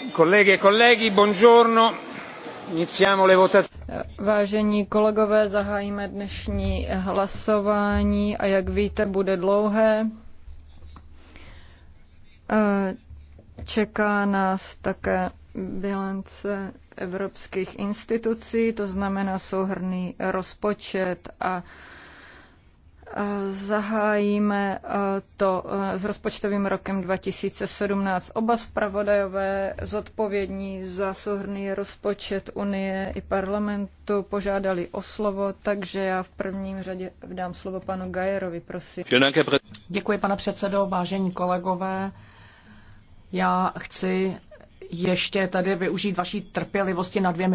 E Vážení kolegové, zahájíme dnešní hlasování a jak víte, bude dlouhé. E, čeká nás také bilance evropských institucí, to znamená souhrný rozpočet a Zahájíme e, to e, s rozpočtovým rokem 2017. Oba zpravodajové zodpovědní za souhrný rozpočet Unie i parlamentu požádali o slovo, takže já v prvním řadě dám slovo panu Gajerovi, prosím. Děkuji, pane předsedo, vážení kolegové. Já chci ještě tady využít vaší trpělivosti na dvě minuty.